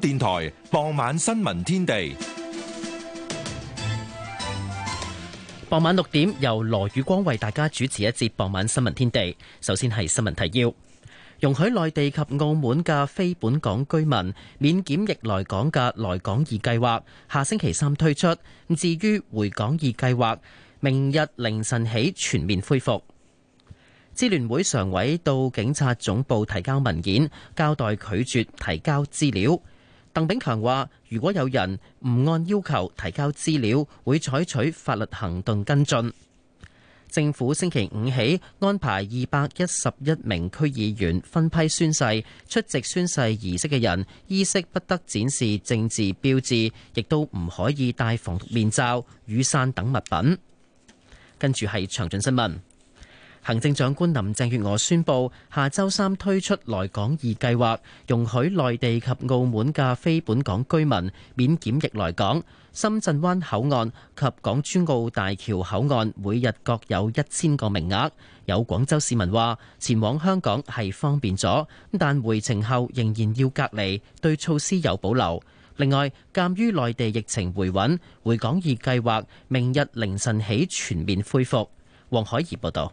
電台傍晚新聞天地，傍晚六點由羅宇光為大家主持一節傍晚新聞天地。首先係新聞提要：容許內地及澳門嘅非本港居民免檢疫來港嘅來港易計劃下星期三推出。咁至於回港易計劃，明日凌晨起全面恢復。支聯會常委到警察總部提交文件，交代拒絕提交資料。鄧炳強話：如果有人唔按要求提交資料，會採取法律行動跟進。政府星期五起安排二百一十一名區議員分批宣誓，出席宣誓儀式嘅人衣飾不得展示政治標誌，亦都唔可以戴防毒面罩、雨傘等物品。跟住係詳盡新聞。行政長官林鄭月娥宣布，下周三推出來港易計劃，容許內地及澳門嘅非本港居民免檢疫來港。深圳灣口岸及港珠澳大橋口岸每日各有一千個名額。有廣州市民話：前往香港係方便咗，但回程後仍然要隔離，對措施有保留。另外，鑑於內地疫情回穩，回港易計劃明日凌晨起全面恢復。黃海怡報導。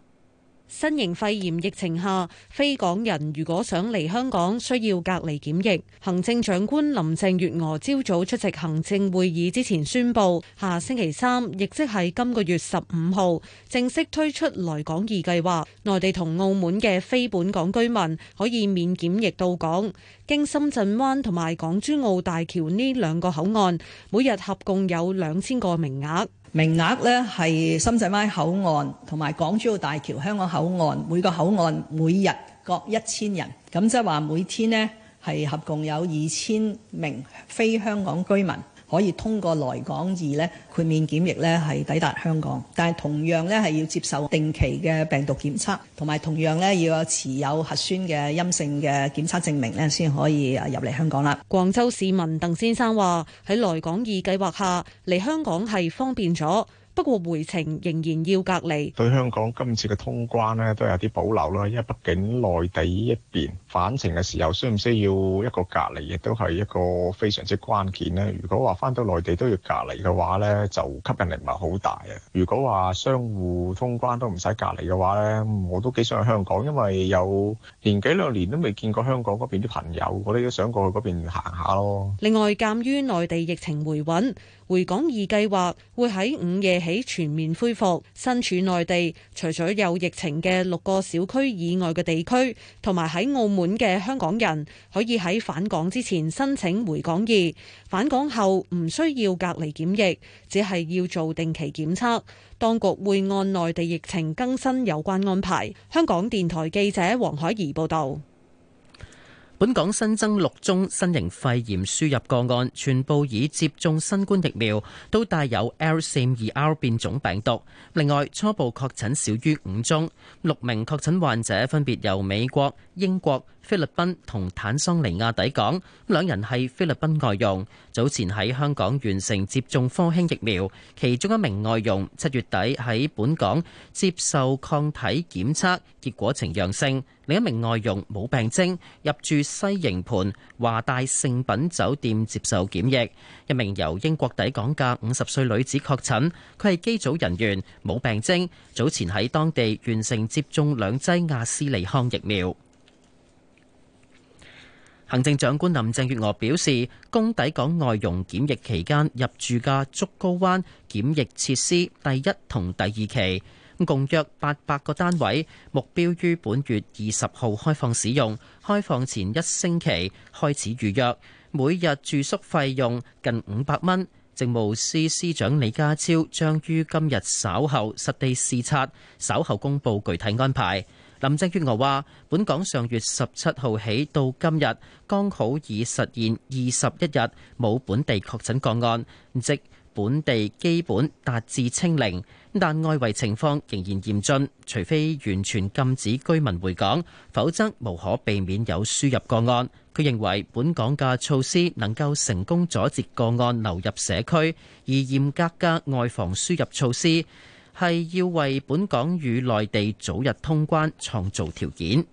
新型肺炎疫情下，非港人如果想嚟香港，需要隔離檢疫。行政長官林鄭月娥朝早出席行政會議之前宣布，下星期三，亦即係今個月十五號，正式推出來港易計劃，內地同澳門嘅非本港居民可以免檢疫到港，經深圳灣同埋港珠澳大橋呢兩個口岸，每日合共有兩千個名額。名額咧係深圳灣口岸同埋港珠澳大橋香港口岸，每個口岸每日各一千人，咁即係話每天咧係合共有二千名非香港居民。可以通過來港易咧，豁免檢疫咧，係抵達香港，但係同樣咧係要接受定期嘅病毒檢測，同埋同樣咧要有持有核酸嘅陰性嘅檢測證明咧，先可以啊入嚟香港啦。廣州市民鄧先生話：喺來港易計劃下嚟香港係方便咗。不過回程仍然要隔離。對香港今次嘅通關咧，都有啲保留啦，因為畢竟內地一邊返程嘅時候，需唔需要一個隔離，亦都係一個非常之關鍵咧。如果話翻到內地都要隔離嘅話呢，就吸引力唔係好大啊。如果話相互通關都唔使隔離嘅話呢，我都幾想去香港，因為有年幾兩年都未見過香港嗰邊啲朋友，我哋都想過去嗰邊行下咯。另外，鑑於內地疫情回穩。回港易計劃會喺午夜起全面恢復，身處內地除咗有疫情嘅六個小區以外嘅地區，同埋喺澳門嘅香港人，可以喺返港之前申請回港易，返港後唔需要隔離檢疫，只係要做定期檢測。當局會按內地疫情更新有關安排。香港電台記者黃海怡報導。本港新增六宗新型肺炎輸入個案，全部已接種新冠疫苗，都帶有 L 四二 R 變種病毒。另外，初步確診少於五宗，六名確診患者分別由美國、英國。菲律賓同坦桑尼亞抵港，咁兩人係菲律賓外傭，早前喺香港完成接種科興疫苗。其中一名外傭七月底喺本港接受抗體檢測，結果呈陽性；另一名外傭冇病徵，入住西營盤華大聖品酒店接受檢疫。一名由英國抵港嘅五十歲女子確診，佢係機組人員，冇病徵，早前喺當地完成接種兩劑亞斯利康疫苗。行政長官林鄭月娥表示，供抵港外傭檢疫期間入住嘅竹篙灣檢疫設施第一同第二期，共約八百個單位，目標於本月二十號開放使用。開放前一星期開始預約，每日住宿費用近五百蚊。政務司司長李家超將於今日稍後實地視察，稍後公布具體安排。林鄭月娥話：本港上月十七號起到今日，剛好已實現二十一日冇本地確診個案，即本地基本達至清零。但外圍情況仍然嚴峻，除非完全禁止居民回港，否則無可避免有輸入個案。佢認為本港嘅措施能夠成功阻截個案流入社區，而嚴格嘅外防輸入措施。係要為本港與內地早日通關創造條件。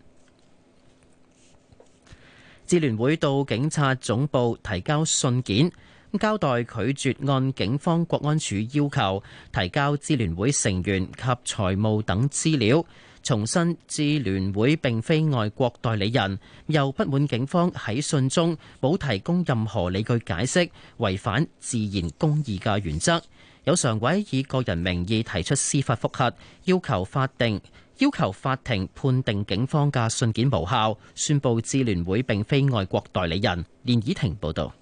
支聯會到警察總部提交信件，交代拒絕按警方國安署要求提交支聯會成員及財務等資料，重申支聯會並非外國代理人，又不滿警方喺信中冇提供任何理據解釋，違反自然公義嘅原則。有常委以個人名義提出司法覆核，要求法定要求法庭判定警方嘅信件無效，宣佈智聯會並非外國代理人。連以婷報道。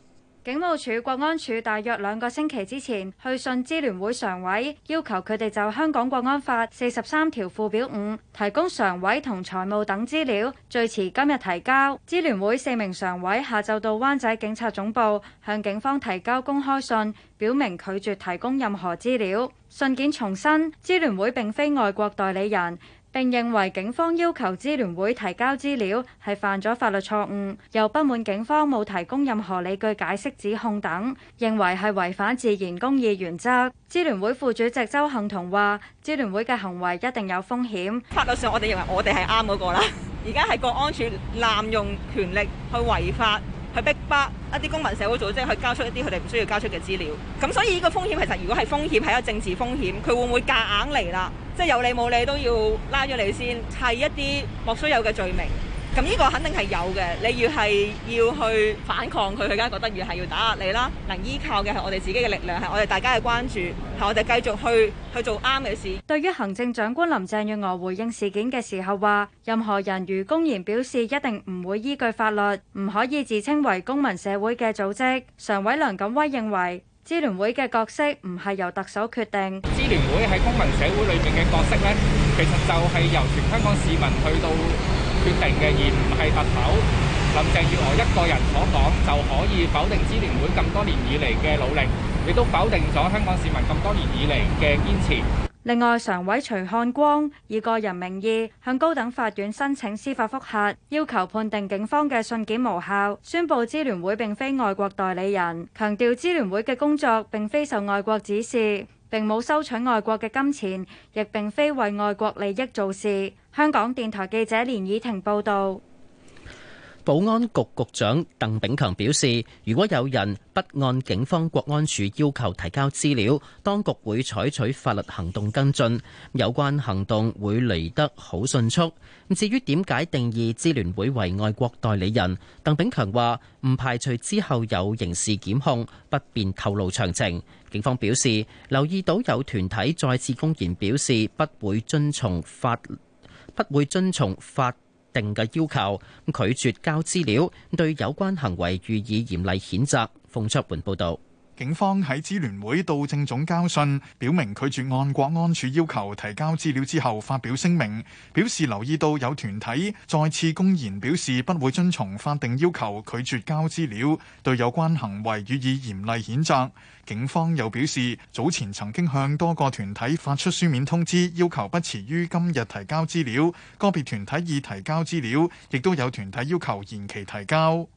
警務處國安處大約兩個星期之前，去信支聯會常委，要求佢哋就《香港國安法》四十三條附表五提供常委同財務等資料，最遲今日提交。支聯會四名常委下晝到灣仔警察總部，向警方提交公開信，表明拒絕提供任何資料。信件重申，支聯會並非外國代理人。並認為警方要求支聯會提交資料係犯咗法律錯誤，又不滿警方冇提供任何理據解釋指控等，認為係違反自然公義原則。支聯會副主席鄒幸彤話：支聯會嘅行為一定有風險。法律上我哋認為我哋係啱嗰個啦，而家係國安處濫用權力去違法。去逼迫一啲公民社會組織去交出一啲佢哋唔需要交出嘅資料，咁所以呢個風險其實如果係風險係一個政治風險，佢會唔會夾硬嚟啦？即係有理冇理都要拉咗你先，砌一啲莫須有嘅罪名。咁呢個肯定係有嘅，你越係要去反抗佢，佢梗覺得越係要打壓你啦。能依靠嘅係我哋自己嘅力量，係我哋大家嘅關注，係我哋繼續去去做啱嘅事。對於行政長官林鄭月娥回應事件嘅時候話，任何人如公然表示一定唔會依據法律，唔可以自稱為公民社會嘅組織。常委梁錦威認為，支聯會嘅角色唔係由特首決定。支聯會喺公民社會裏面嘅角色呢，其實就係由全香港市民去到決定嘅，而唔係特首林鄭月娥一個人所講就可以否定支聯會咁多年以嚟嘅努力，亦都否定咗香港市民咁多年以嚟嘅堅持。另外，常委徐漢光以個人名義向高等法院申請司法覆核，要求判定警方嘅信件無效，宣布支聯會並非外國代理人，強調支聯會嘅工作並非受外國指示。並冇收取外國嘅金錢，亦並非為外國利益做事。香港電台記者連以婷報道。保安局局長鄧炳強表示，如果有人不按警方國安處要求提交資料，當局會採取法律行動跟進，有關行動會嚟得好迅速。咁至於點解定義支聯會為外國代理人，鄧炳強話唔排除之後有刑事檢控，不便透露詳情。警方表示，留意到有團體再次公然表示不會遵從法，不會遵從法，定嘅要求，拒絕交資料，對有關行為予以嚴厲譴責。馮卓桓報道。警方喺支聯會到政總交信，表明拒絕按國安處要求提交資料之後，發表聲明，表示留意到有團體再次公然表示不會遵從法定要求，拒絕交資料，對有關行為予以嚴厲譴責。警方又表示，早前曾經向多個團體發出書面通知，要求不遲於今日提交資料，個別團體已提交資料，亦都有團體要求延期提交。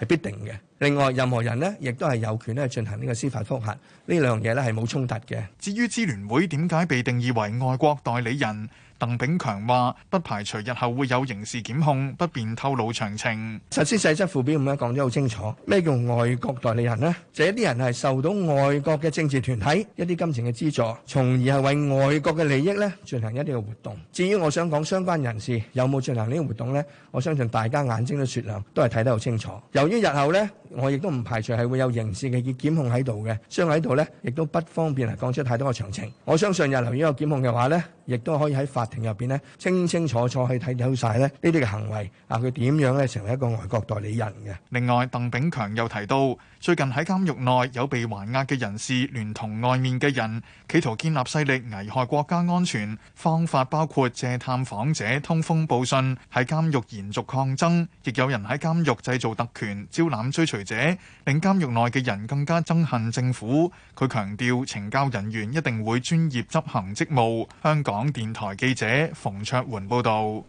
係必定嘅。另外，任何人呢，亦都係有權咧進行呢個司法覆核，呢兩樣嘢咧係冇衝突嘅。至於支聯會點解被定義為外國代理人？鄧炳強話：不排除日後會有刑事檢控，不便透露詳情。首先，細則附表五咧講得好清楚，咩叫外國代理人咧？這啲人係受到外國嘅政治團體一啲金錢嘅資助，從而係為外國嘅利益咧進行一啲嘅活動。至於我想講相關人士有冇進行呢個活動咧，我相信大家眼睛都雪亮，都係睇得好清楚。由於日後咧。我亦都唔排除係會有刑事嘅檢控喺度嘅，所以喺度咧，亦都不方便嚟講出太多嘅詳情。我相信日由於有檢控嘅話咧，亦都可以喺法庭入邊咧，清清楚楚去睇到晒咧呢啲嘅行為啊，佢點樣咧成為一個外國代理人嘅。另外，鄧炳強又提到。最近喺監獄內有被還押嘅人士聯同外面嘅人，企圖建立勢力危害國家安全。方法包括借探訪者通風報信，喺監獄延續抗爭；亦有人喺監獄製造特權，招攬追隨者，令監獄內嘅人更加憎恨政府。佢強調，懲教人員一定會專業執行職務。香港電台記者馮卓媛報導。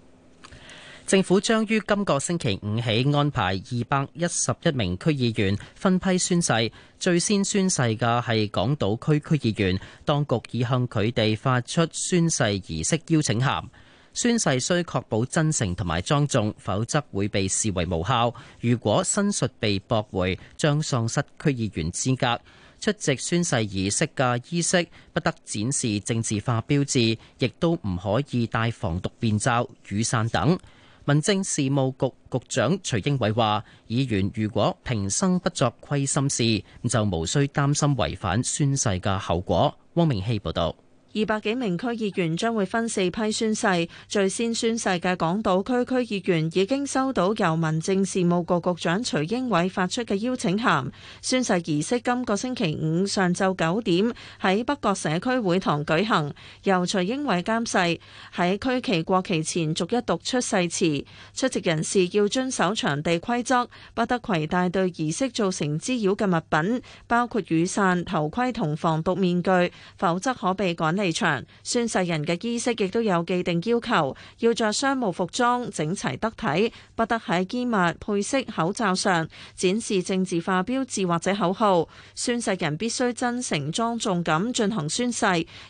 政府將於今個星期五起安排二百一十一名區議員分批宣誓，最先宣誓嘅係港島區區議員。當局已向佢哋發出宣誓儀式邀請函。宣誓須確保真誠同埋莊重，否則會被視為無效。如果申述被駁回，將喪失區議員資格。出席宣誓儀式嘅衣飾不得展示政治化標誌，亦都唔可以戴防毒面罩、雨傘等。民政事務局局長徐英偉話，議員如果平生不作虧心事，就無需擔心違反宣誓嘅後果。汪明希報道。二百幾名區議員將會分四批宣誓，最先宣誓嘅港島區區議員已經收到由民政事務局局長徐英偉發出嘅邀請函。宣誓儀式今個星期五上晝九點喺北角社區會堂舉行，由徐英偉監誓。喺區旗國旗前逐一讀出誓詞。出席人士要遵守場地規則，不得攜帶對儀式造成滋擾嘅物品，包括雨傘、頭盔同防毒面具，否則可被趕場宣誓人嘅衣飾亦都有既定要求，要着商務服裝，整齊得體，不得喺衣物、配飾、口罩上展示政治化標誌或者口號。宣誓人必須真誠、莊重咁進行宣誓，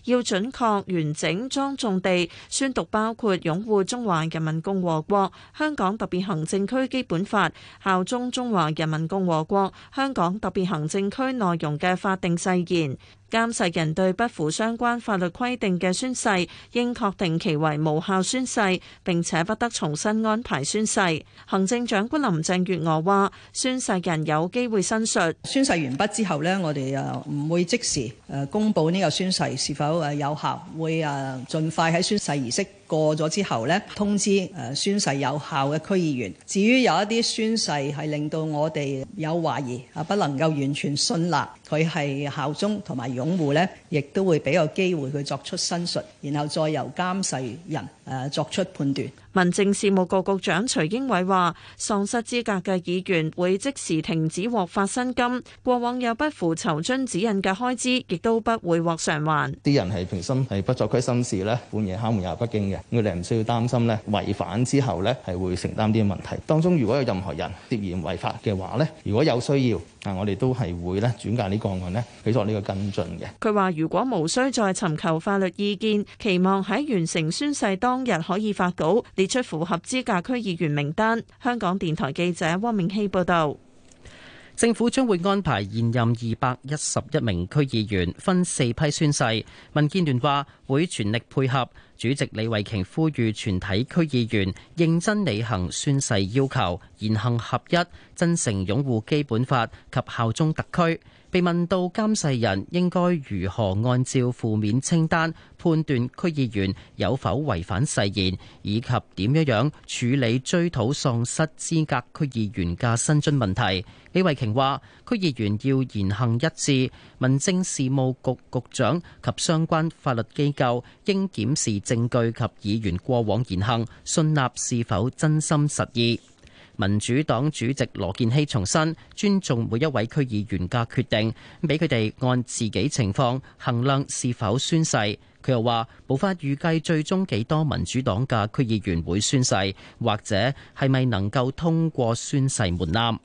要準確、完整、莊重地宣讀，包括擁護中華人民共和國香港特別行政區基本法、效忠中華人民共和國香港特別行政區內容嘅法定誓言。監誓人對不符相關法律規定嘅宣誓，應確定其為無效宣誓，並且不得重新安排宣誓。行政長官林鄭月娥話：宣誓人有機會申述。宣誓完畢之後呢，我哋又唔會即時誒公布呢個宣誓是否誒有效，會誒盡快喺宣誓儀式。過咗之後呢，通知誒宣誓有效嘅區議員。至於有一啲宣誓係令到我哋有懷疑啊，不能夠完全信納佢係效忠同埋擁護呢，亦都會俾個機會佢作出申述，然後再由監誓人誒作出判斷。民政事務局局長徐英偉話，喪失資格嘅議員會即時停止獲發薪金，過往有不符酬津指引嘅開支，亦都不會獲償還。啲人係平心係不作虧心事咧，半夜敲門又不驚嘅，佢哋唔需要擔心咧，違反之後咧係會承擔啲問題。當中如果有任何人涉嫌違法嘅話咧，如果有需要，啊我哋都係會咧轉介呢個案咧去做呢個跟進嘅。佢話如果無需再尋求法律意見，期望喺完成宣誓當日可以發稿。列出符合資格區議員名單。香港電台記者汪明熙報道，政府將會安排現任二百一十一名區議員分四批宣誓。民建聯話會全力配合，主席李慧瓊呼籲全體區議員認真履行宣誓要求，言行合一，真誠擁護基本法及效忠特區。被問到監誓人應該如何按照負面清單判斷區議員有否違反誓言，以及點樣樣處理追討喪失資格區議員嘅薪津問題，李慧瓊話：區議員要言行一致，民政事務局局長及相關法律機構應檢視證據及議員過往言行，信納是否真心實意。民主黨主席羅健熙重申尊、尊重每一位區議員嘅決定，俾佢哋按自己情況衡量是否宣誓。佢又話無法預計最終幾多民主黨嘅區議員會宣誓，或者係咪能夠通過宣誓門檻。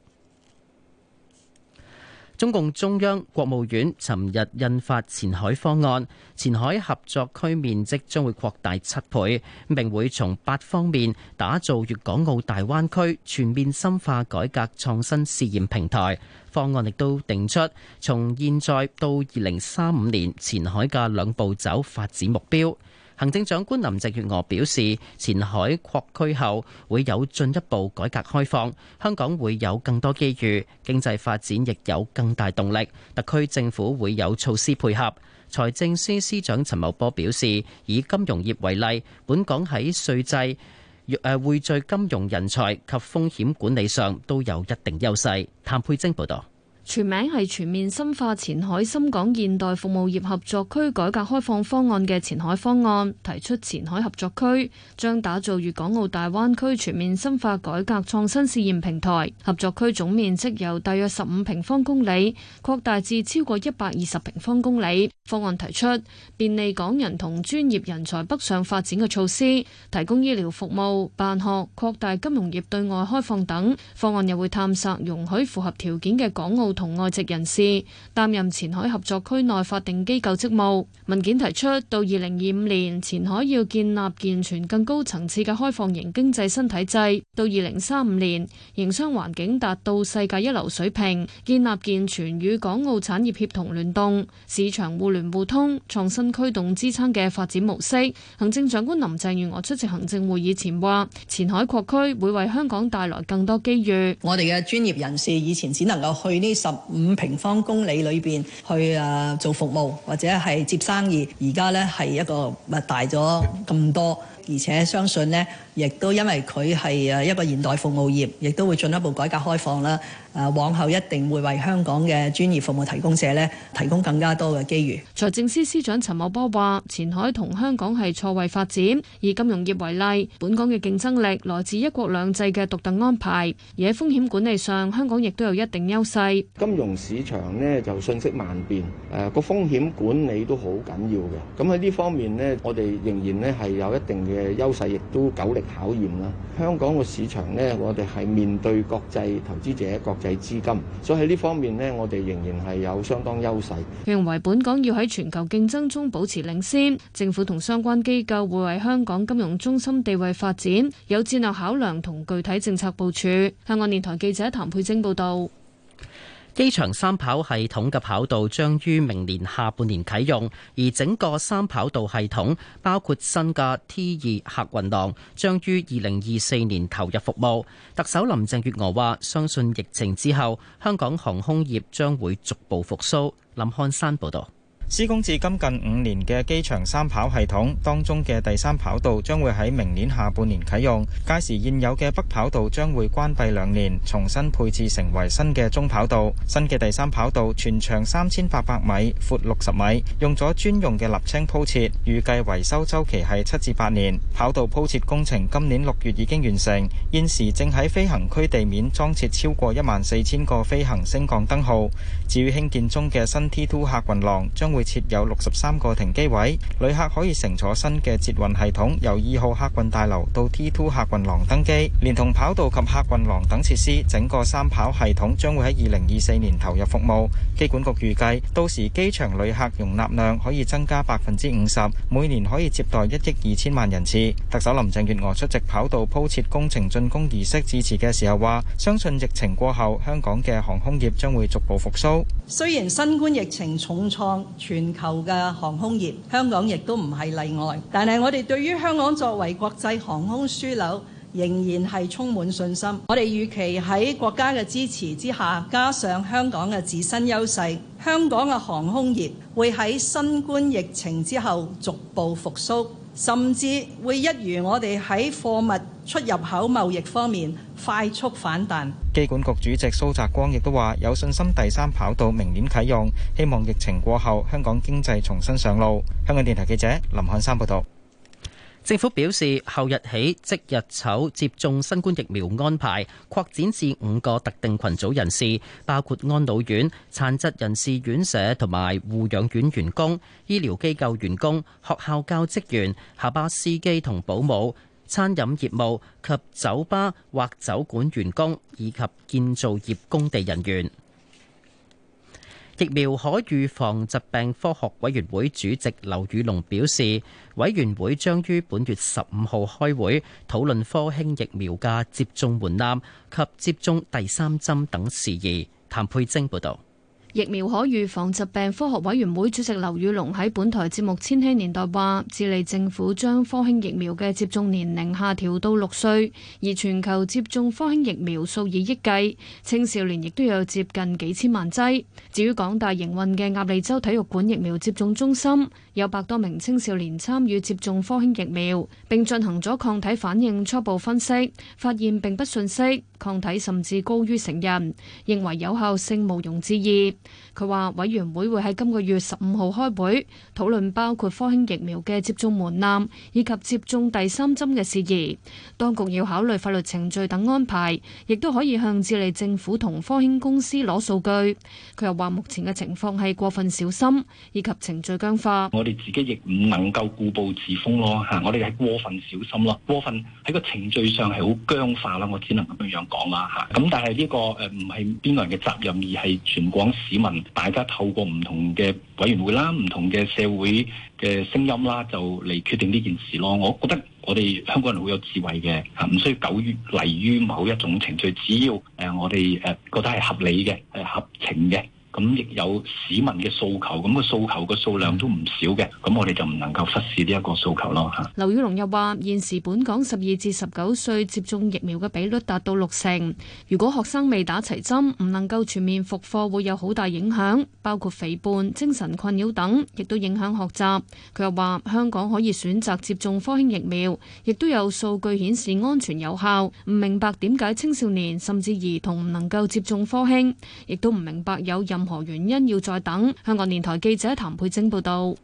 中共中央國務院尋日印發前海方案，前海合作區面積將會擴大七倍，並會從八方面打造粵港澳大灣區全面深化改革創新試驗平台。方案亦都定出從現在到二零三五年前海嘅兩步走發展目標。行政長官林鄭月娥表示，前海擴區後會有進一步改革開放，香港會有更多機遇，經濟發展亦有更大動力。特區政府會有措施配合。財政司司長陳茂波表示，以金融業為例，本港喺稅制、誒匯聚金融人才及風險管理上都有一定優勢。譚佩晶報道。全名係全面深化前海深港現代服務業合作區改革開放方案嘅前海方案，提出前海合作區將打造粵港澳大灣區全面深化改革創新試驗平台，合作區總面積由大約十五平方公里擴大至超過一百二十平方公里。方案提出便利港人同專業人才北上發展嘅措施，提供醫療服務、辦學、擴大金融業對外開放等。方案又會探索容許符合條件嘅港澳同外籍人士擔任前海合作區內法定機構職務。文件提出，到二零二五年前海要建立健全更高層次嘅開放型經濟新體制；到二零三五年，營商環境達到世界一流水平，建立健全與港澳產業，業，業協同聯動、市場互聯互通、創新驅動支撐嘅發展模式。行政長官林鄭月娥出席行政會議前話：前海擴區會為香港帶來更多機遇。我哋嘅專業人士以前只能夠去呢。十五平方公里裏邊去啊、呃、做服務或者係接生意，而家咧係一個咪大咗咁多，而且相信咧。亦都因為佢係誒一個現代服務業，亦都會進一步改革開放啦。誒、啊，往後一定會為香港嘅專業服務提供者咧，提供更加多嘅機遇。財政司司長陳茂波話，前海同香港係錯位發展，以金融業為例，本港嘅競爭力來自一國兩制嘅獨特安排。而喺風險管理上，香港亦都有一定優勢，金融市場咧就瞬息萬變，誒、呃、個風險管理都好緊要嘅。咁喺呢方面咧，我哋仍然咧係有一定嘅優勢，亦都九零。考驗啦，香港嘅市場呢，我哋係面對國際投資者、國際資金，所以呢方面呢，我哋仍然係有相當優勢。認為本港要喺全球競爭中保持領先，政府同相關機構會為香港金融中心地位發展有戰略考量同具體政策部署。香港電台記者譚佩晶報導。機場三跑系統嘅跑道將於明年下半年啟用，而整個三跑道系統包括新嘅 T 二客運廊，將於二零二四年投入服務。特首林鄭月娥話：相信疫情之後，香港航空業將會逐步復蘇。林漢山報道。施工至今近五年嘅機場三跑系統當中嘅第三跑道將會喺明年下半年啟用，屆時現有嘅北跑道將會關閉兩年，重新配置成為新嘅中跑道。新嘅第三跑道全長三千八百米，闊六十米，用咗專用嘅瀝青鋪設，預計維修周期係七至八年。跑道鋪設工程今年六月已經完成，現時正喺飛行區地面裝設超過一萬四千個飛行升降燈號。至於興建中嘅新 T2 客運廊將。會設有六十三個停機位，旅客可以乘坐新嘅捷運系統，由二號客運大樓到 T2 客運廊登機，連同跑道及客運廊等設施，整個三跑系統將會喺二零二四年投入服務。機管局預計到時機場旅客容納量可以增加百分之五十，每年可以接待一億二千萬人次。特首林鄭月娥出席跑道鋪設工程竣工儀式致辭嘅時候話，相信疫情過後，香港嘅航空業將會逐步復甦。雖然新冠疫情重創全球嘅航空業，香港亦都唔係例外，但係我哋對於香港作為國際航空樞紐，仍然係充滿信心。我哋預期喺國家嘅支持之下，加上香港嘅自身優勢，香港嘅航空業會喺新冠疫情之後逐步復甦。甚至會一如我哋喺貨物出入口貿易方面快速反彈。機管局主席蘇澤光亦都話有信心第三跑道明年啟用，希望疫情過後香港經濟重新上路。香港電台記者林漢山報道。政府表示，後日起即日籌接種新冠疫苗安排擴展至五個特定群組人士，包括安老院、殘疾人士院舍同埋護養院員工、醫療機構員工、學校教職員、校巴司機同保姆、餐飲業務及酒吧或酒館員工，以及建造業工地人員。疫苗可預防疾病科學委員會主席劉宇龍表示，委員會將於本月十五號開會討論科興疫苗嘅接種門檻及接種第三針等事宜。譚佩晶報道。疫苗可預防疾病科學委員會主席劉宇龍喺本台節目《千禧年代》話，智利政府將科興疫苗嘅接種年齡下調到六歲，而全球接種科興疫苗數以億計，青少年亦都有接近幾千萬劑。至於港大營運嘅鴨脷洲體育館疫苗接種中心，有百多名青少年參與接種科興疫苗，並進行咗抗體反應初步分析，發現並不遜色，抗體甚至高於成人，認為有效性毋庸置疑。佢話：委員會會喺今個月十五號開會討論，包括科興疫苗嘅接種門檻以及接種第三針嘅事宜。當局要考慮法律程序等安排，亦都可以向智利政府同科興公司攞數據。佢又話：目前嘅情況係過分小心，以及程序僵化。我哋自己亦唔能夠固步自封咯嚇，我哋係過分小心咯，過分喺個程序上係好僵化啦。我只能咁樣樣講啦嚇。咁但係呢個誒唔係邊個人嘅責任，而係全港市民。大家透過唔同嘅委員會啦，唔同嘅社會嘅聲音啦，就嚟決定呢件事咯。我覺得我哋香港人好有智慧嘅，唔需要久於嚟於某一種程序，只要誒我哋誒覺得係合理嘅，係合情嘅。咁亦有市民嘅訴求，咁個訴求個數量都唔少嘅，咁我哋就唔能夠忽視呢一個訴求咯吓。劉宇龍又話現時本港十二至十九歲接種疫苗嘅比率達到六成，如果學生未打齊針唔能夠全面復課會有好大影響，包括肥胖、精神困擾等，亦都影響學習，佢又話香港可以選擇接種科興疫苗，亦都有數據顯示安全有效。唔明白點解青少年甚至兒童唔能夠接種科興，亦都唔明白有任何原因要再等？香港電台記者譚佩貞報道。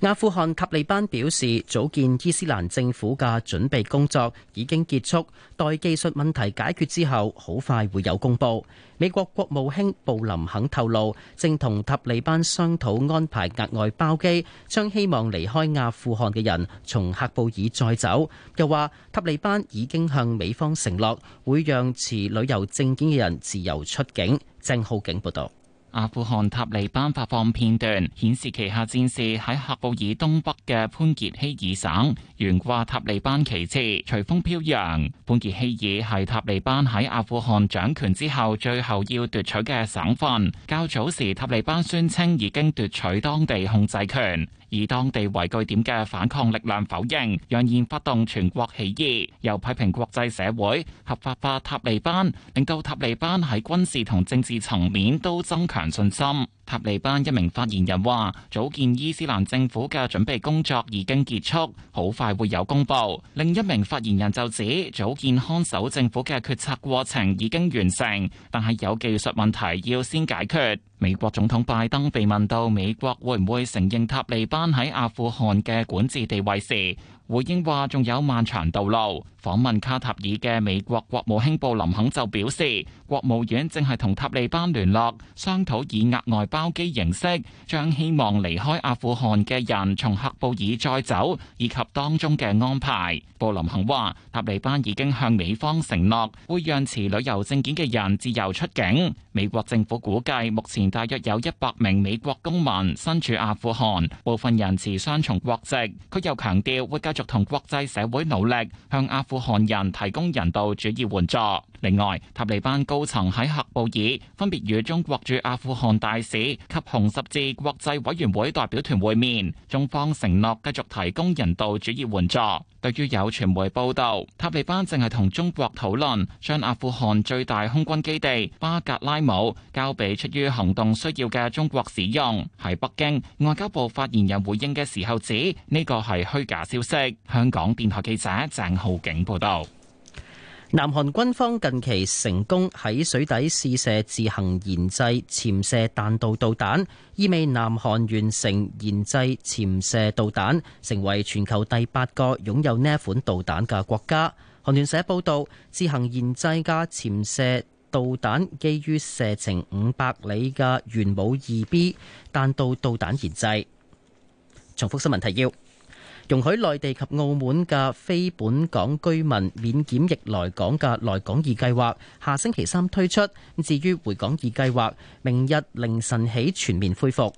阿富汗塔利班表示，組建伊斯蘭政府嘅準備工作已經結束，待技術問題解決之後，好快會有公布。美國國務卿布林肯透露，正同塔利班商討安排額外包機，將希望離開阿富汗嘅人從喀布爾再走。又話塔利班已經向美方承諾，會讓持旅遊證件嘅人自由出境。鄭浩景報道。阿富汗塔利班發放片段，顯示旗下戰士喺喀布爾東北嘅潘傑希爾省懸掛塔利班旗幟，隨風飄揚。潘傑希爾係塔利班喺阿富汗掌權之後最後要奪取嘅省份。較早時塔利班宣稱已經奪取當地控制權，以當地為據點嘅反抗力量否認，揚言發動全國起義，又批評國際社會合法化塔利班，令到塔利班喺軍事同政治層面都增強信心。塔利班一名發言人話，組建伊斯蘭政府嘅準備工作已經結束，好快會有公布。另一名發言人就指，組建看守政府嘅決策過程已經完成，但係有技術問題要先解決。美國總統拜登被問到美國會唔會承認塔利班喺阿富汗嘅管治地位時。回應話仲有漫長道路。訪問卡塔爾嘅美國國務卿布林肯就表示，國務院正係同塔利班聯絡，商討以額外包機形式，將希望離開阿富汗嘅人從喀布爾再走，以及當中嘅安排。布林肯話，塔利班已經向美方承諾，會讓持旅遊證件嘅人自由出境。美國政府估計，目前大約有一百名美國公民身處阿富汗，部分人持雙重國籍。佢又強調會加。繼續同國際社會努力，向阿富汗人提供人道主義援助。另外，塔利班高層喺喀布爾分別與中國駐阿富汗大使及紅十字國際委員會代表團會面，中方承諾繼續提供人道主義援助。對於有傳媒報道，塔利班正係同中國討論將阿富汗最大空軍基地巴格拉姆交俾出於行動需要嘅中國使用。喺北京，外交部發言人回應嘅時候指，呢個係虛假消息。香港電台記者鄭浩景報道。南韓軍方近期成功喺水底試射自行研製潛射彈道導彈，意味南韓完成研製潛射導彈，成為全球第八個擁有呢一款導彈嘅國家。韓聯社報道，自行研製嘅潛射導彈基於射程五百里嘅元武二 B 彈道導彈研製。重複新聞提要。容許內地及澳門嘅非本港居民免檢疫來港嘅來港易計劃，下星期三推出。咁至於回港易計劃，明日凌晨起全面恢復。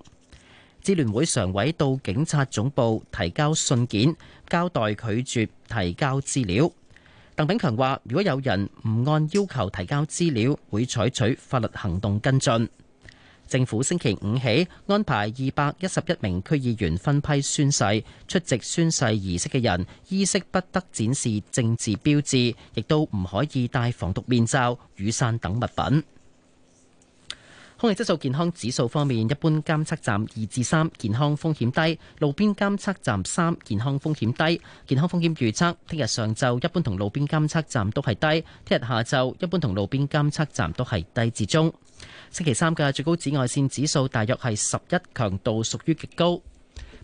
支聯會常委到警察總部提交信件，交代拒絕提交資料。鄧炳強話：如果有人唔按要求提交資料，會採取法律行動跟進。政府星期五起安排二百一十一名區議員分批宣誓，出席宣誓儀式嘅人衣飾不得展示政治標誌，亦都唔可以戴防毒面罩、雨傘等物品。空氣質素健康指數方面，一般監測站二至三，健康風險低；路邊監測站三，健康風險低。健康風險預測：聽日上晝一般同路邊監測站都係低；聽日下晝一般同路邊監測站都係低至中。星期三嘅最高紫外線指數大約係十一，強度屬於極高。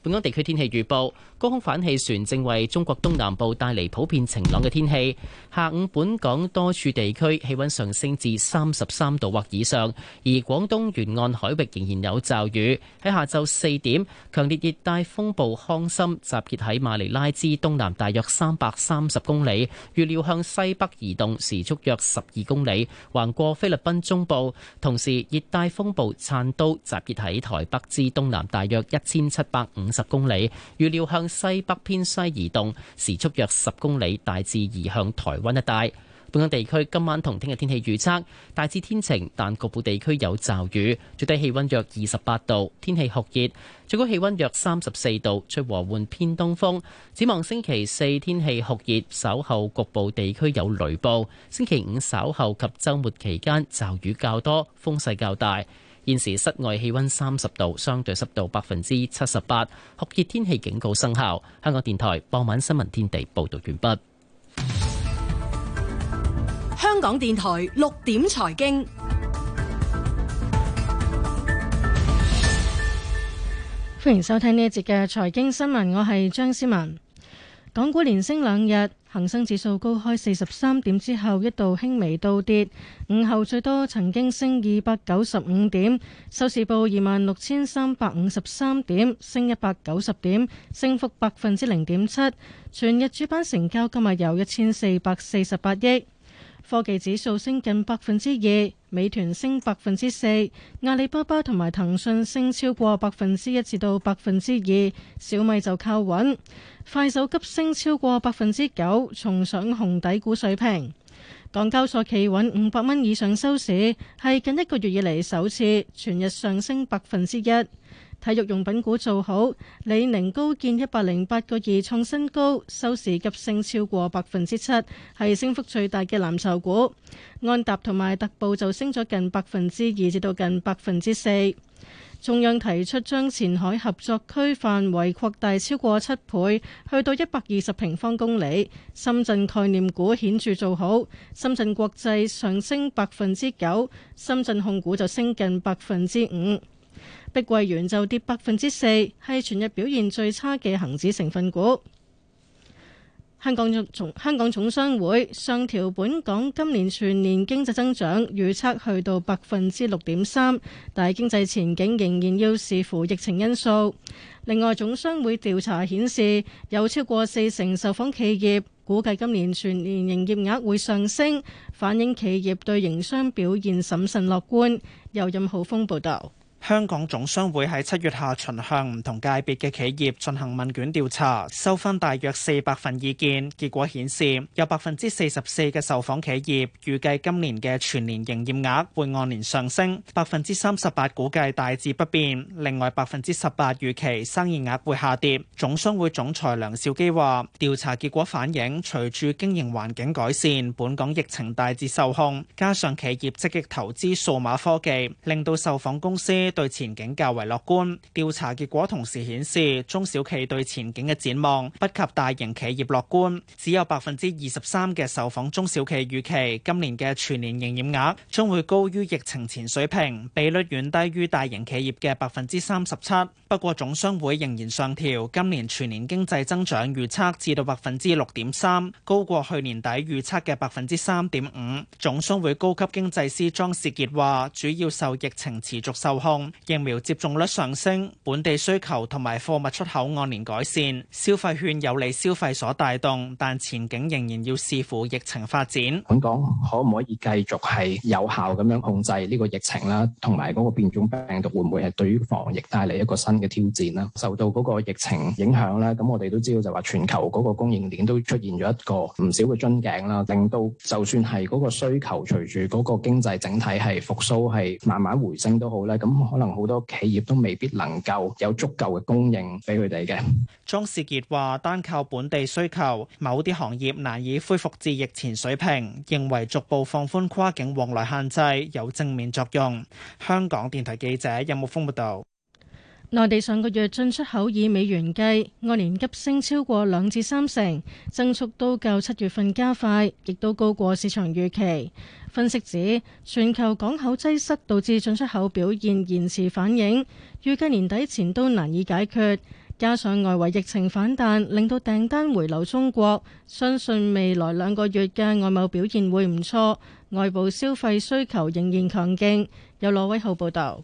本港地區天氣預報，高空反氣旋正為中國東南部帶嚟普遍晴朗嘅天氣。下午本港多處地區氣温上升至三十三度或以上，而廣東沿岸海域仍然有驟雨。喺下晝四點，強烈熱帶風暴康森集結喺馬尼拉之東南大約三百三十公里，預料向西北移動，時速約十二公里，橫過菲律賓中部。同時，熱帶風暴燦都集結喺台北之東南大約一千七百五十公里，預料向西北偏西移動，時速約十公里，大致移向台灣一帶。本港地區今晚同聽日天氣預測大致天晴，但局部地區有驟雨，最低氣溫約二十八度，天氣酷熱；最高氣溫約三十四度，吹和緩偏東風。展望星期四天氣酷熱，稍後局部地區有雷暴。星期五稍後及周末期間驟雨較多，風勢較大。現時室外氣溫三十度，相對濕度百分之七十八，酷熱天氣警告生效。香港電台傍晚新聞天地報道完畢。香港電台六點財經，歡迎收聽呢一節嘅財經新聞，我係張思文。港股連升兩日。恒生指數高開四十三點，之後一度輕微倒跌，午後最多曾經升二百九十五點，收市報二萬六千三百五十三點，升一百九十點，升幅百分之零點七。全日主板成交今日有一千四百四十八億。科技指數升近百分之二，美團升百分之四，阿里巴巴同埋騰訊升超過百分之一至到百分之二，小米就靠穩，快手急升超過百分之九，重上紅底股水平。港交所企穩五百蚊以上收市，係近一個月以嚟首次，全日上升百分之一。體育用品股做好，李寧高見一百零八個二創新高，收市急升超過百分之七，係升幅最大嘅藍籌股。安踏同埋特步就升咗近百分之二至到近百分之四。中央提出將前海合作區範圍擴大超過七倍，去到一百二十平方公里。深圳概念股顯著做好，深圳國際上升百分之九，深圳控股就升近百分之五。碧桂園就跌百分之四，係全日表現最差嘅恒指成分股。香港重從香港總商會上調本港今年全年經濟增長預測，去到百分之六點三，但係經濟前景仍然要視乎疫情因素。另外，總商會調查顯示，有超過四成受訪企業估計今年全年營業額會上升，反映企業對營商表現審慎樂觀。由任浩峰報道。香港總商會喺七月下旬向唔同界別嘅企業進行問卷調查，收翻大約四百份意見。結果顯示有，有百分之四十四嘅受訪企業預計今年嘅全年營業額會按年上升，百分之三十八估計大致不變，另外百分之十八預期生意額會下跌。總商會總裁梁兆基話：調查結果反映隨住經營環境改善，本港疫情大致受控，加上企業積極投資數碼科技，令到受訪公司。對前景較為樂觀。調查結果同時顯示，中小企對前景嘅展望不及大型企業樂觀，只有百分之二十三嘅受訪中小企預期今年嘅全年營業額將會高於疫情前水平，比率遠低於大型企業嘅百分之三十七。不過，總商會仍然上調今年全年經濟增長預測至到百分之六點三，高過去年底預測嘅百分之三點五。總商會高級經濟師莊士杰話：主要受疫情持續受控。疫苗接種率上升，本地需求同埋貨物出口按年改善，消費券有利消費所帶動，但前景仍然要視乎疫情發展。本港可唔可以繼續係有效咁樣控制呢個疫情啦？同埋嗰個變種病毒會唔會係對於防疫帶嚟一個新嘅挑戰啦，受到嗰個疫情影響啦，咁我哋都知道就話全球嗰個供應鏈都出現咗一個唔少嘅樽頸啦，令到就算係嗰個需求隨住嗰個經濟整體係復蘇係慢慢回升都好啦，咁。可能好多企業都未必能夠有足夠嘅供應俾佢哋嘅。莊士杰話單靠本地需求，某啲行業難以恢復至疫前水平，認為逐步放寬跨境往來限制有正面作用。香港電台記者任木峯報導。內地上個月進出口以美元計按年急升超過兩至三成，增速都較七月份加快，亦都高過市場預期。分析指，全球港口擠塞導致進出口表現延遲反應，預計年底前都難以解決，加上外圍疫情反彈，令到訂單回流中國，相信未來兩個月嘅外貿表現會唔錯，外部消費需求仍然強勁，有羅威浩報道。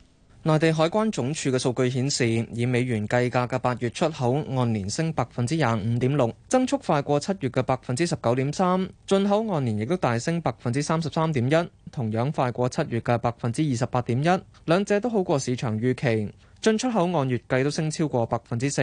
內地海關總署嘅數據顯示，以美元計價嘅八月出口按年升百分之廿五點六，增速快過七月嘅百分之十九點三；進口按年亦都大升百分之三十三點一，同樣快過七月嘅百分之二十八點一。兩者都好過市場預期，進出口按月計都升超過百分之四。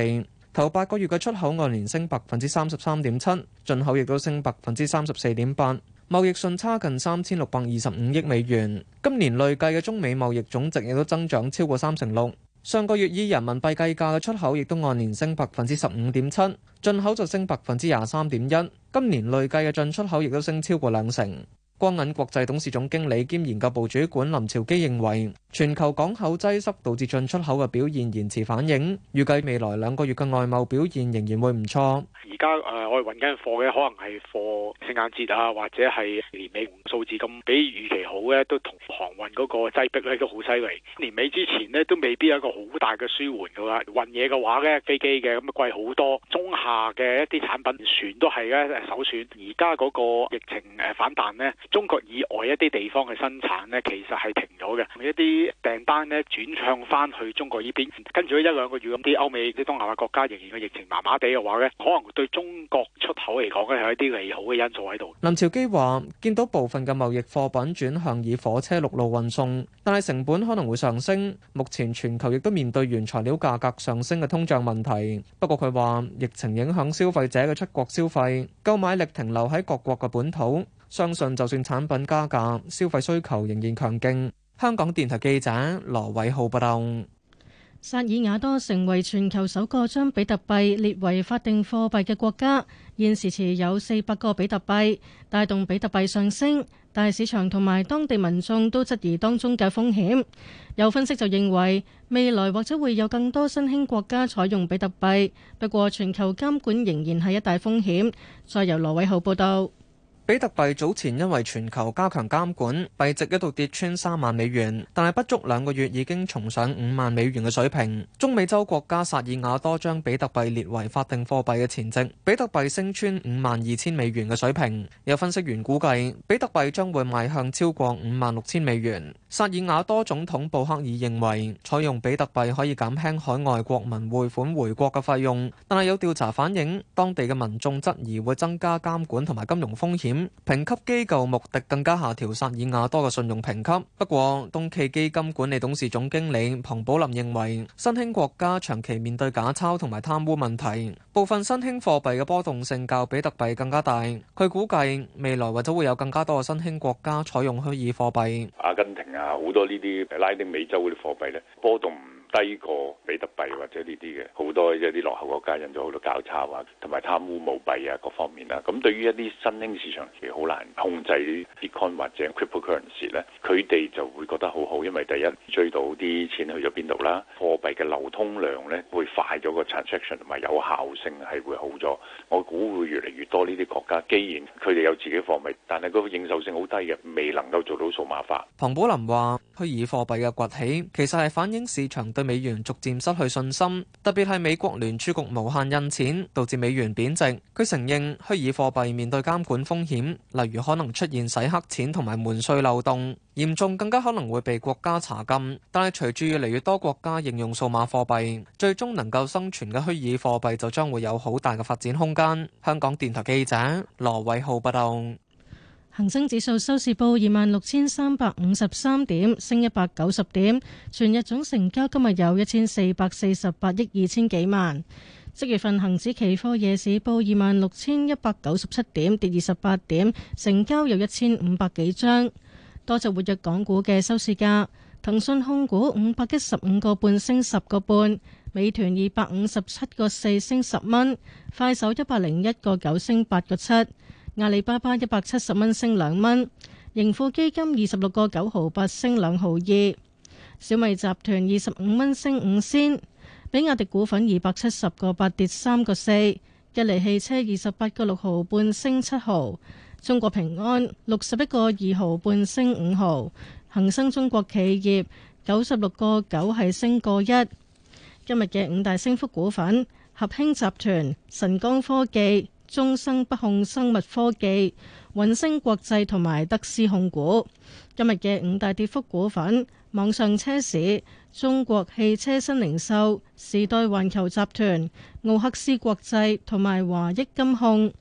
頭八個月嘅出口按年升百分之三十三點七，進口亦都升百分之三十四點八。貿易順差近三千六百二十五億美元，今年累計嘅中美貿易總值亦都增長超過三成六。上個月以人民幣計價嘅出口亦都按年升百分之十五點七，進口就升百分之廿三點一。今年累計嘅進出口亦都升超過兩成。光銀國際董事總經理兼研究部主管林朝基認為，全球港口擠塞導致進出口嘅表現延遲反應，預計未來兩個月嘅外貿表現仍然會唔錯。而家誒，我哋運緊貨嘅，可能係貨聖誕節啊，或者係年尾數字咁比預期好咧，都同航運嗰個擠逼咧都好犀利。年尾之前咧都未必有一個好大嘅舒緩噶啦，運嘢嘅話咧，飛機嘅咁貴好多，中下嘅一啲產品船都係咧首選。而家嗰個疫情誒反彈咧。中國以外一啲地方嘅生產咧，其實係停咗嘅，一啲訂單咧轉向翻去中國呢邊，跟住一兩個月咁，啲歐美啲東南亞嘅國家仍然個疫情麻麻地嘅話呢，可能對中國出口嚟講咧係一啲利好嘅因素喺度。林朝基話：見到部分嘅貿易貨品轉向以火車陸路運送，但係成本可能會上升。目前全球亦都面對原材料價格上升嘅通脹問題。不過佢話疫情影響消費者嘅出國消費，購買力停留喺各國嘅本土。相信就算產品加價，消費需求仍然強勁。香港電台記者羅偉浩報道：薩爾瓦多成為全球首個將比特幣列為法定貨幣嘅國家，現時持有四百個比特幣，帶動比特幣上升。但市場同埋當地民眾都質疑當中嘅風險。有分析就認為，未來或者會有更多新興國家採用比特幣，不過全球監管仍然係一大風險。再由羅偉浩報道。比特幣早前因為全球加強監管，幣值一度跌穿三萬美元，但係不足兩個月已經重上五萬美元嘅水平。中美洲國家薩爾瓦多將比特幣列為法定貨幣嘅前夕，比特幣升穿五萬二千美元嘅水平。有分析員估計，比特幣將會邁向超過五萬六千美元。薩爾瓦多總統布克爾認為，採用比特幣可以減輕海外國民匯款回國嘅費用，但係有調查反映，當地嘅民眾質疑會增加監管同埋金融風險。評級機構目的更加下調薩爾瓦多嘅信用評級。不過，東企基金管理董事總經理彭寶林認為，新興國家長期面對假鈔同埋貪污問題，部分新興貨幣嘅波動性較比特幣更加大。佢估計未來或者會有更加多嘅新興國家採用虛擬貨幣。阿根廷啊，好多呢啲拉丁美洲嗰啲貨幣咧波動。低過比特幣或者呢啲嘅，好多一啲落後國家引咗好多交叉啊，同埋貪污舞弊啊各方面啦。咁對於一啲新興市場其實好難控制啲 Bitcoin 或者 Cryptocurrency 咧，佢哋就會覺得好好，因為第一追到啲錢去咗邊度啦，貨幣嘅流通量咧會快咗個 transaction 同埋有，有效性係會好咗。我估會越嚟越多呢啲國家，既然佢哋有自己貨幣，但係嗰個認受性好低嘅，未能夠做到數碼化。龐寶林話：虛擬貨幣嘅崛起其實係反映市場對美元逐漸失去信心，特別係美國聯儲局無限印錢導致美元貶值。佢承認虛擬貨幣面對監管風險，例如可能出現洗黑錢同埋門稅漏洞，嚴重更加可能會被國家查禁。但係隨住越嚟越多國家應用數碼貨幣，最終能夠生存嘅虛擬貨幣就將會有好大嘅發展空間，香港電台記者羅偉浩報道。恒生指數收市報二萬六千三百五十三點，升一百九十點。全日總成交今日有一千四百四十八億二千幾萬。即月份恒指期貨夜市報二萬六千一百九十七點，跌二十八點，成交有一千五百幾張。多隻活躍港股嘅收市價：騰訊控股五百一十五個半升十個半，美團二百五十七個四升十蚊，快手一百零一個九升八個七。阿里巴巴一百七十蚊升兩蚊，盈富基金二十六個九毫八升兩毫二，小米集團二十五蚊升五仙，比亞迪股份二百七十個八跌三個四，吉利汽車二十八個六毫半升七毫，中國平安六十一個二毫半升五毫，恒生中國企業九十六個九係升過一。今日嘅五大升幅股份：合興集團、晨光科技。中生北控生物科技、雲星國際同埋德斯控股。今日嘅五大跌幅股份：網上車市、中國汽車新零售、時代環球集團、奧克斯國際同埋華億金控。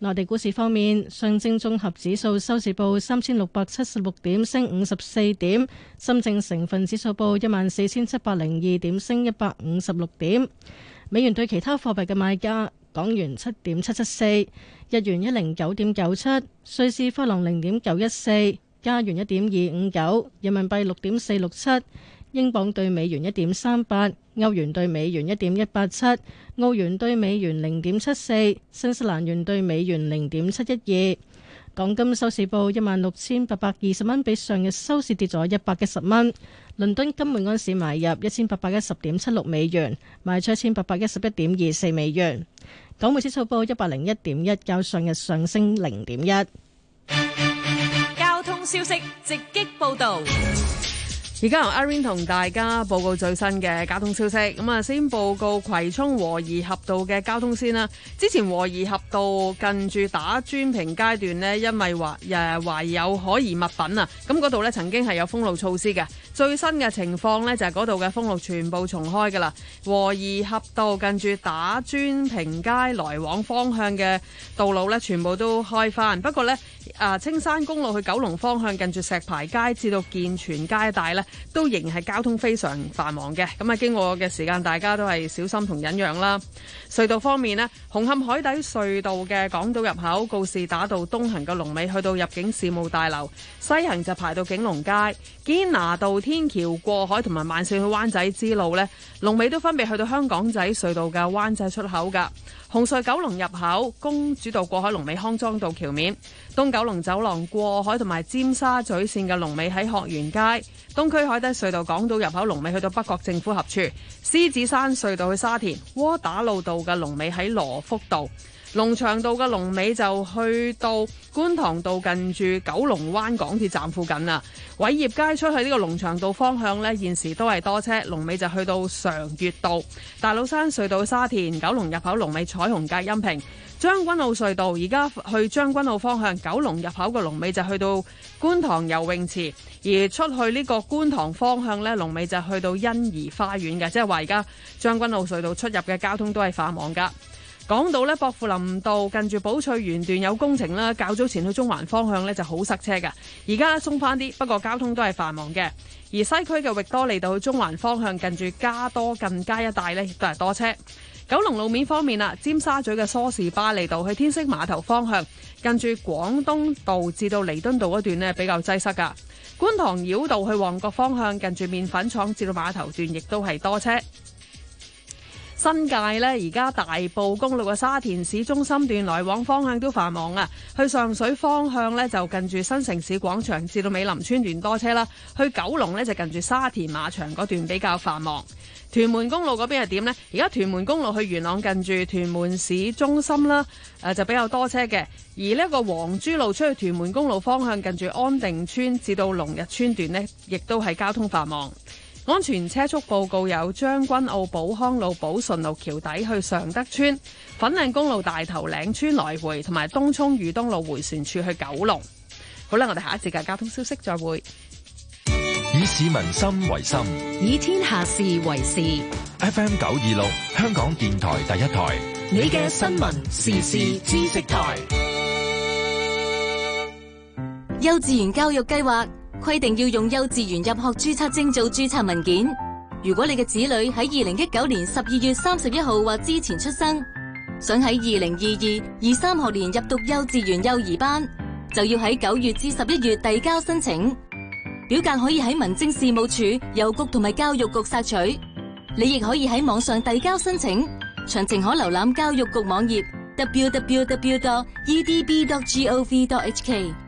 內地股市方面，上證綜合指數收市報三千六百七十六點，升五十四點；深證成分指數報一萬四千七百零二點，升一百五十六點。美元對其他貨幣嘅賣價。港元七點七七四，日元一零九點九七，瑞士法郎零點九一四，加元一點二五九，人民幣六點四六七，英鎊兌美元一點三八，歐元兌美元一點一八七，澳元兌美元零點七四，新西蘭元兌美元零點七一二。港金收市報一萬六千八百二十蚊，16，比上日收市跌咗一百一十蚊。倫敦金每盎司買入一千八百一十點七六美元，賣出一千八百一十一點二四美元。港匯指數報一百零一點一，較上日上升零點一。交通消息直擊報道。而家由阿 Win 同大家報告最新嘅交通消息。咁啊，先報告葵涌和宜合道嘅交通先啦。之前和宜合道近住打磚坪階段呢，因為話誒懷疑有可疑物品啊，咁嗰度呢，曾經係有封路措施嘅。最新嘅情況呢，就係嗰度嘅封路全部重開噶啦。和宜合道近住打磚坪街來往方向嘅道路呢，全部都開返。不過呢，啊，青山公路去九龍方向近，近住石排街至到健全街一帶咧，都仍然係交通非常繁忙嘅。咁啊，經過嘅時間，大家都係小心同忍讓啦。隧道方面咧，紅磡海底隧道嘅港島入口告士打道東行嘅龍尾去到入境事務大樓，西行就排到景隆街堅拿道天橋過海，同埋慢線去灣仔之路咧，龍尾都分別去到香港仔隧道嘅灣仔出口噶。紅隧九龍入口公主道過海龍尾康莊道橋面東。九龍走廊過海同埋尖沙咀線嘅龍尾喺鶴園街，東區海底隧道港島入口龍尾去到北角政府合署，獅子山隧道去沙田，窩打老道嘅龍尾喺羅福道，龍翔道嘅龍尾就去到觀塘道近住九龍灣港鐵站附近啦。偉業街出去呢個龍翔道方向呢，現時都係多車，龍尾就去到常悅道，大老山隧道沙田九龍入口龍尾彩虹隔音屏。將軍澳隧道而家去將軍澳方向九龍入口個龍尾就去到觀塘游泳池，而出去呢個觀塘方向呢，龍尾就去到欣宜花園嘅，即係話而家將軍澳隧道出入嘅交通都係繁忙噶。講到呢，薄扶林道近住寶翠園段有工程啦，較早前去中環方向呢就好塞車噶，而家鬆翻啲，不過交通都係繁忙嘅。而西區嘅域多利道去中環方向近住加多近街一帶呢亦都係多車。九龍路面方面啦，尖沙咀嘅梳士巴利道去天星碼頭方向，近住廣東道至到彌敦道嗰段咧，比較擠塞噶。觀塘繞道去旺角方向，近住麵粉廠至到碼頭段亦都係多車。新界咧，而家大埔公路嘅沙田市中心段來往方向都繁忙啊。去上水方向咧，就近住新城市廣場至到美林村段多車啦。去九龍咧，就近住沙田馬場嗰段比較繁忙。屯門公路嗰邊係點呢？而家屯門公路去元朗，近住屯門市中心啦，誒、呃、就比較多車嘅。而呢個黃珠路出去屯門公路方向，近住安定村至到龍日村段呢，亦都係交通繁忙。安全車速報告有將軍澳寶康路、寶順路橋底去上德村、粉嶺公路大頭嶺村來回，同埋東涌裕東路回旋處去九龍。好啦，我哋下一節嘅交通消息再會。以民心為心，以天下事為事。FM 九二六，香港電台第一台。你嘅新聞時事知識台。幼稚園教育計劃規定要用幼稚園入學註冊證做註冊文件。如果你嘅子女喺二零一九年十二月三十一號或之前出生，想喺二零二二、二三學年入讀幼稚園幼兒班，就要喺九月至十一月遞交申請。表格可以喺民政事務處、郵局同埋教育局索取，你亦可以喺網上遞交申請。詳情可瀏覽教育局網頁 www.edb.gov.hk。Www.